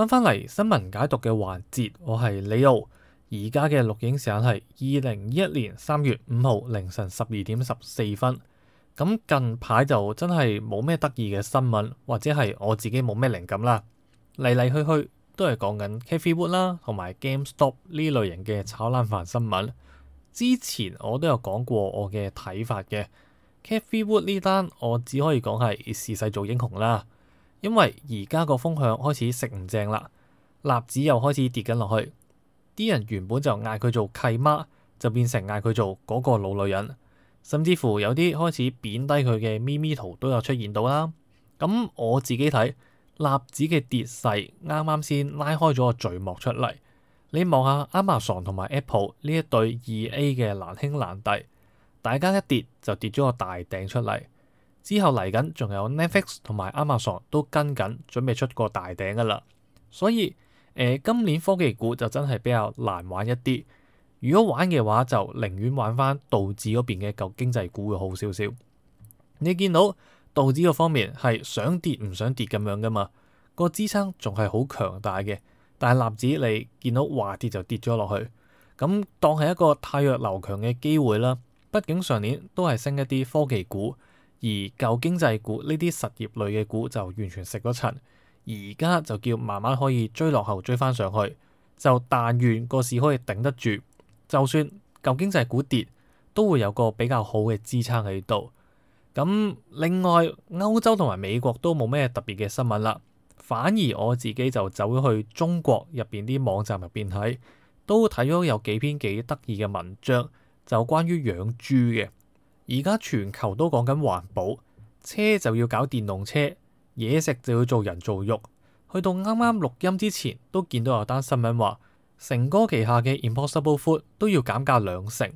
翻翻嚟新聞解讀嘅環節，我係李奧。而家嘅錄影時間係二零二一年三月五號凌晨十二點十四分。咁、嗯、近排就真係冇咩得意嘅新聞，或者係我自己冇咩靈感啦。嚟嚟去去都係講緊 Cathie Wood 啦，同埋 GameStop 呢類型嘅炒冷飯新聞。之前我都有講過我嘅睇法嘅 Cathie Wood 呢單，我只可以講係時勢做英雄啦。因為而家個風向開始食唔正啦，納子又開始跌緊落去，啲人原本就嗌佢做契媽，就變成嗌佢做嗰個老女人，甚至乎有啲開始貶低佢嘅咪咪圖都有出現到啦。咁、嗯、我自己睇納子嘅跌勢，啱啱先拉開咗個序幕出嚟。你望下 Amazon 同埋 Apple 呢一對二 A 嘅難兄難弟，大家一跌就跌咗個大頂出嚟。之後嚟緊仲有 Netflix 同埋 Amazon 都跟緊，準備出個大頂噶啦。所以誒、呃，今年科技股就真係比較難玩一啲。如果玩嘅話，就寧願玩翻道指嗰邊嘅舊經濟股會好少少。你見到道指個方面係想跌唔想跌咁樣噶嘛，個支撐仲係好強大嘅。但係納指你見到話跌就跌咗落去，咁當係一個汰弱留強嘅機會啦。畢竟上年都係升一啲科技股。而舊經濟股呢啲實業類嘅股就完全食咗塵，而家就叫慢慢可以追落後，追翻上去，就但願個市可以頂得住，就算舊經濟股跌，都會有個比較好嘅支撐喺度。咁另外歐洲同埋美國都冇咩特別嘅新聞啦，反而我自己就走咗去中國入邊啲網站入邊睇，都睇咗有幾篇幾得意嘅文章，就關於養豬嘅。而家全球都講緊環保，車就要搞電動車，嘢食就要做人造肉。去到啱啱錄音之前，都見到有單新聞話，成哥旗下嘅 Impossible Food 都要減價兩成。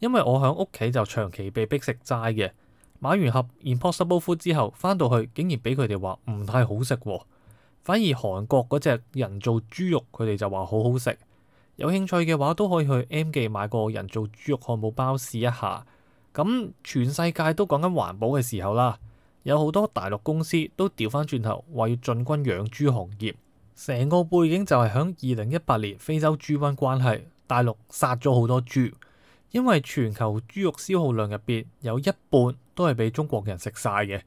因為我喺屋企就長期被逼食齋嘅，買完盒 Impossible Food 之後，翻到去竟然俾佢哋話唔太好食，哦，反而韓國嗰隻人造豬肉佢哋就話好好食。有興趣嘅話，都可以去 M 記買個人造豬肉漢堡包試一下。咁全世界都講緊環保嘅時候啦，有好多大陸公司都掉翻轉頭話要進軍養豬行業。成個背景就係響二零一八年非洲豬瘟關係，大陸殺咗好多豬，因為全球豬肉消耗量入邊有一半都係俾中國人食晒嘅。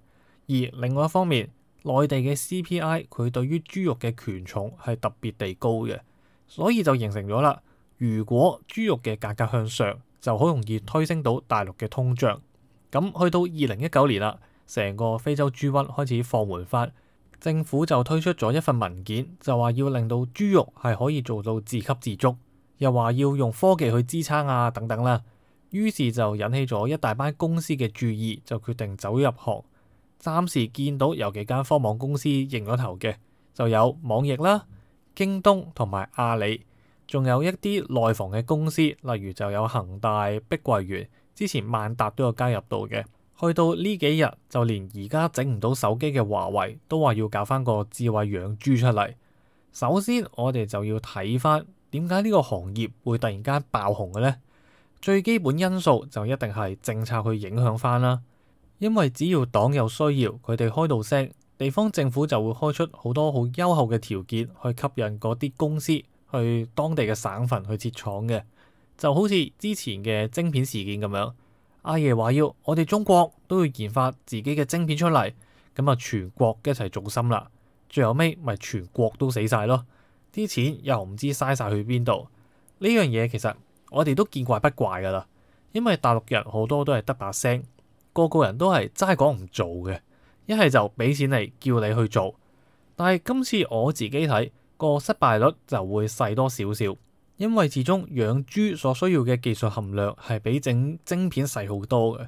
而另外一方面，內地嘅 CPI 佢對於豬肉嘅權重係特別地高嘅，所以就形成咗啦。如果豬肉嘅價格向上，就好容易推升到大陸嘅通脹，咁去到二零一九年啦，成個非洲豬瘟開始放緩翻，政府就推出咗一份文件，就話要令到豬肉係可以做到自給自足，又話要用科技去支撐啊等等啦，於是就引起咗一大班公司嘅注意，就決定走入行。暫時見到有幾間科網公司認咗頭嘅，就有網易啦、京東同埋阿里。仲有一啲內房嘅公司，例如就有恒大、碧桂園。之前萬達都有加入到嘅。去到呢幾日，就連而家整唔到手機嘅華為都話要搞翻個智慧養豬出嚟。首先，我哋就要睇翻點解呢個行業會突然間爆紅嘅呢？最基本因素就一定係政策去影響翻啦。因為只要黨有需要，佢哋開到聲，地方政府就會開出好多好優厚嘅條件去吸引嗰啲公司。去當地嘅省份去設廠嘅，就好似之前嘅晶片事件咁樣。阿爺話要我哋中國都要研發自己嘅晶片出嚟，咁啊全國一齊做心啦，最後尾咪全國都死晒咯，啲錢又唔知嘥晒去邊度。呢樣嘢其實我哋都見怪不怪噶啦，因為大陸人好多都係得把聲，個個人都係齋講唔做嘅，一係就俾錢你叫你去做。但係今次我自己睇。個失敗率就會細多少少，因為始終養豬所需要嘅技術含量係比整晶片細好多嘅。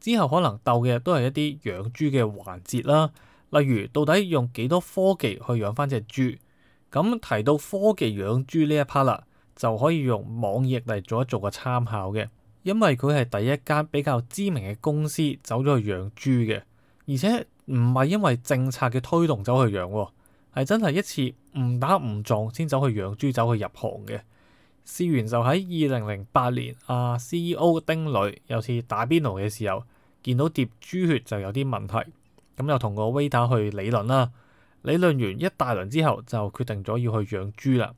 之後可能鬥嘅都係一啲養豬嘅環節啦，例如到底用幾多科技去養翻隻豬。咁提到科技養豬呢一 part 啦，就可以用網易嚟做一做個參考嘅，因為佢係第一間比較知名嘅公司走咗去養豬嘅，而且唔係因為政策嘅推動走去養啊。係真係一次唔打唔撞先走去養豬，走去入行嘅。試完就喺二零零八年啊，CEO 丁磊有次打邊爐嘅時候，見到碟豬血就有啲問題，咁就同個 waiter 去理論啦。理論完一大輪之後，就決定咗要去養豬啦。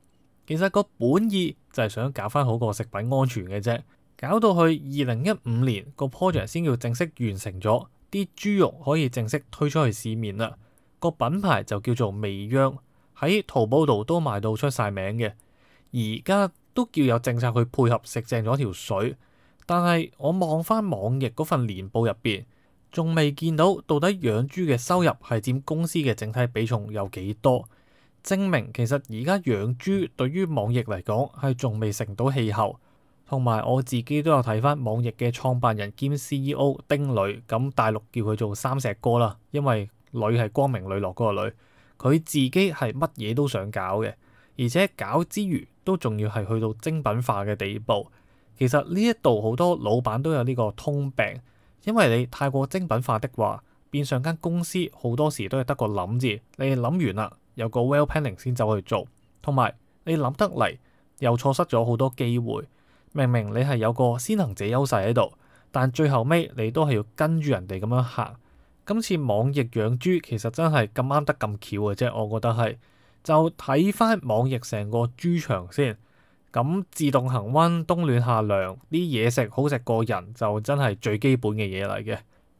其實個本意就係想搞翻好個食品安全嘅啫。搞到去二零一五年，個 project 先要正式完成咗，啲豬肉可以正式推出去市面啦。個品牌就叫做味央，喺淘寶度都賣到出晒名嘅，而家都叫有政策去配合，食正咗條水。但係我望翻網易嗰份年報入邊，仲未見到到底養豬嘅收入係佔公司嘅整體比重有幾多，證明其實而家養豬對於網易嚟講係仲未成到氣候。同埋我自己都有睇翻網易嘅創辦人兼 CEO 丁磊，咁大陸叫佢做三石哥啦，因為女係光明磊落嗰個女，佢自己係乜嘢都想搞嘅，而且搞之餘都仲要係去到精品化嘅地步。其實呢一度好多老闆都有呢個通病，因為你太過精品化的話，變相間公司好多時都係得個諗字，你諗完啦有個 well planning 先走去做，同埋你諗得嚟又錯失咗好多機會。明明你係有個先行者優勢喺度，但最後尾你都係要跟住人哋咁樣行。今次網易養豬其實真係咁啱得咁巧嘅啫，我覺得係就睇翻網易成個豬場先。咁自動恆溫冬暖夏涼，啲嘢食好食過人，就真係最基本嘅嘢嚟嘅。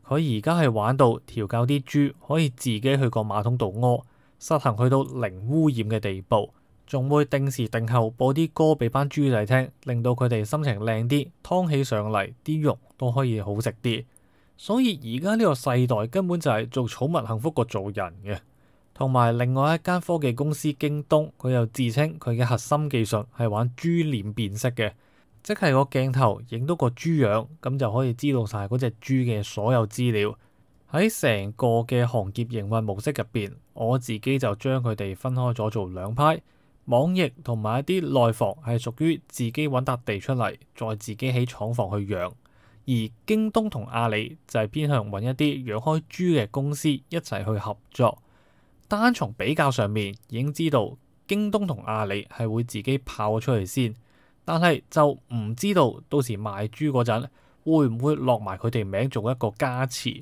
佢而家係玩到調教啲豬可以自己去個馬桶度屙，實行去到零污染嘅地步，仲會定時定候播啲歌俾班豬仔聽，令到佢哋心情靚啲，劏起上嚟啲肉都可以好食啲。所以而家呢個世代根本就係做寵物幸福過做人嘅，同埋另外一間科技公司京東，佢又自稱佢嘅核心技術係玩豬臉辨識嘅，即係個鏡頭影到個豬樣，咁就可以知道晒嗰隻豬嘅所有資料。喺成個嘅行業營運模式入邊，我自己就將佢哋分開咗做兩派：網易同埋一啲內房係屬於自己揾笪地出嚟，再自己喺廠房去養。而京東同阿里就係偏向揾一啲養開豬嘅公司一齊去合作。單從比較上面已經知道京東同阿里係會自己跑出去先，但係就唔知道到時賣豬嗰陣會唔會落埋佢哋名做一個加持。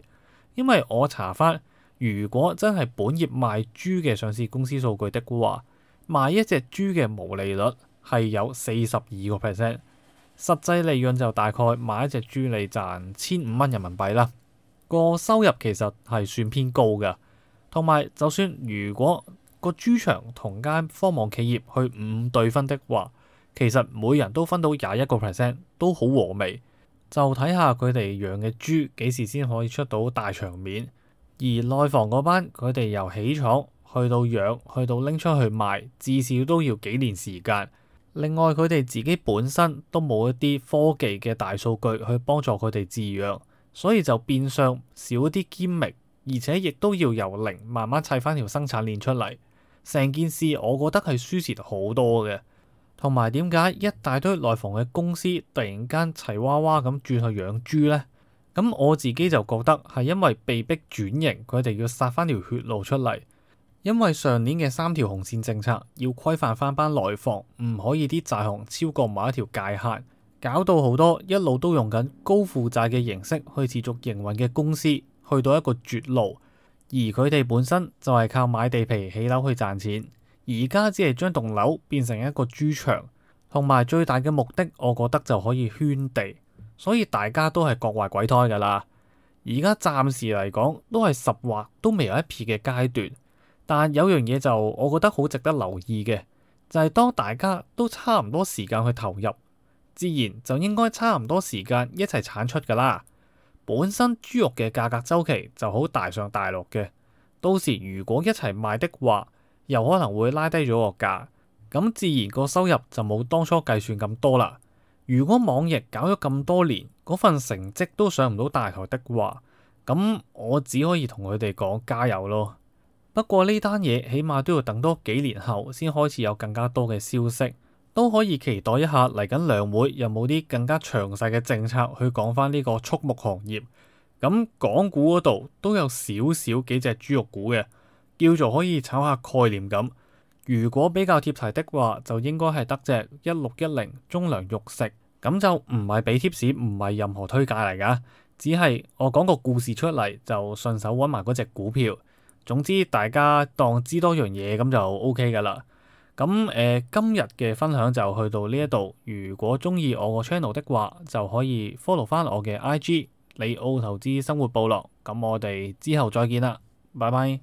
因為我查返，如果真係本業賣豬嘅上市公司數據的估話，賣一隻豬嘅毛利率係有四十二個 percent。實際利潤就大概買一隻豬你賺千五蚊人民幣啦，這個收入其實係算偏高嘅。同埋，就算如果個豬場同間科網企業去五對分的話，其實每人都分到廿一個 percent 都好和味。就睇下佢哋養嘅豬幾時先可以出到大場面。而內房嗰班佢哋由起廠去到養去到拎出去賣，至少都要幾年時間。另外佢哋自己本身都冇一啲科技嘅大數據去幫助佢哋飼養，所以就變相少啲兼職，而且亦都要由零慢慢砌翻條生產鏈出嚟。成件事我覺得係輸蝕好多嘅。同埋點解一大堆內房嘅公司突然間齊娃娃咁轉去養豬咧？咁我自己就覺得係因為被逼轉型，佢哋要殺翻條血路出嚟。因為上年嘅三條紅線政策要規範翻班內房，唔可以啲債項超過某一條界限，搞到好多一路都用緊高負債嘅形式去持續營運嘅公司去到一個絕路，而佢哋本身就係靠買地皮起樓去賺錢，而家只係將棟樓變成一個豬場，同埋最大嘅目的，我覺得就可以圈地，所以大家都係各懷鬼胎㗎喇。而家暫時嚟講都係十劃都未有一撇嘅階段。但有樣嘢就我覺得好值得留意嘅，就係、是、當大家都差唔多時間去投入，自然就應該差唔多時間一齊產出㗎啦。本身豬肉嘅價格周期就好大上大落嘅，到時如果一齊賣的話，有可能會拉低咗個價，咁自然個收入就冇當初計算咁多啦。如果網易搞咗咁多年，嗰份成績都上唔到大台的話，咁我只可以同佢哋講加油咯。不過呢單嘢，起碼都要等多幾年後先開始有更加多嘅消息，都可以期待一下嚟緊兩會有冇啲更加詳細嘅政策去講翻呢個畜牧行業。咁、嗯、港股嗰度都有少少幾隻豬肉股嘅，叫做可以炒下概念咁。如果比較貼題的話，就應該係得隻一六一零中糧肉食，咁就唔係俾貼士，唔係任何推介嚟噶，只係我講個故事出嚟就順手揾埋嗰隻股票。總之大家當知多樣嘢咁就 OK 噶啦。咁誒、呃，今日嘅分享就去到呢一度。如果中意我個 channel 的話，就可以 follow 翻我嘅 IG 李奧投資生活部落。咁我哋之後再見啦，拜拜。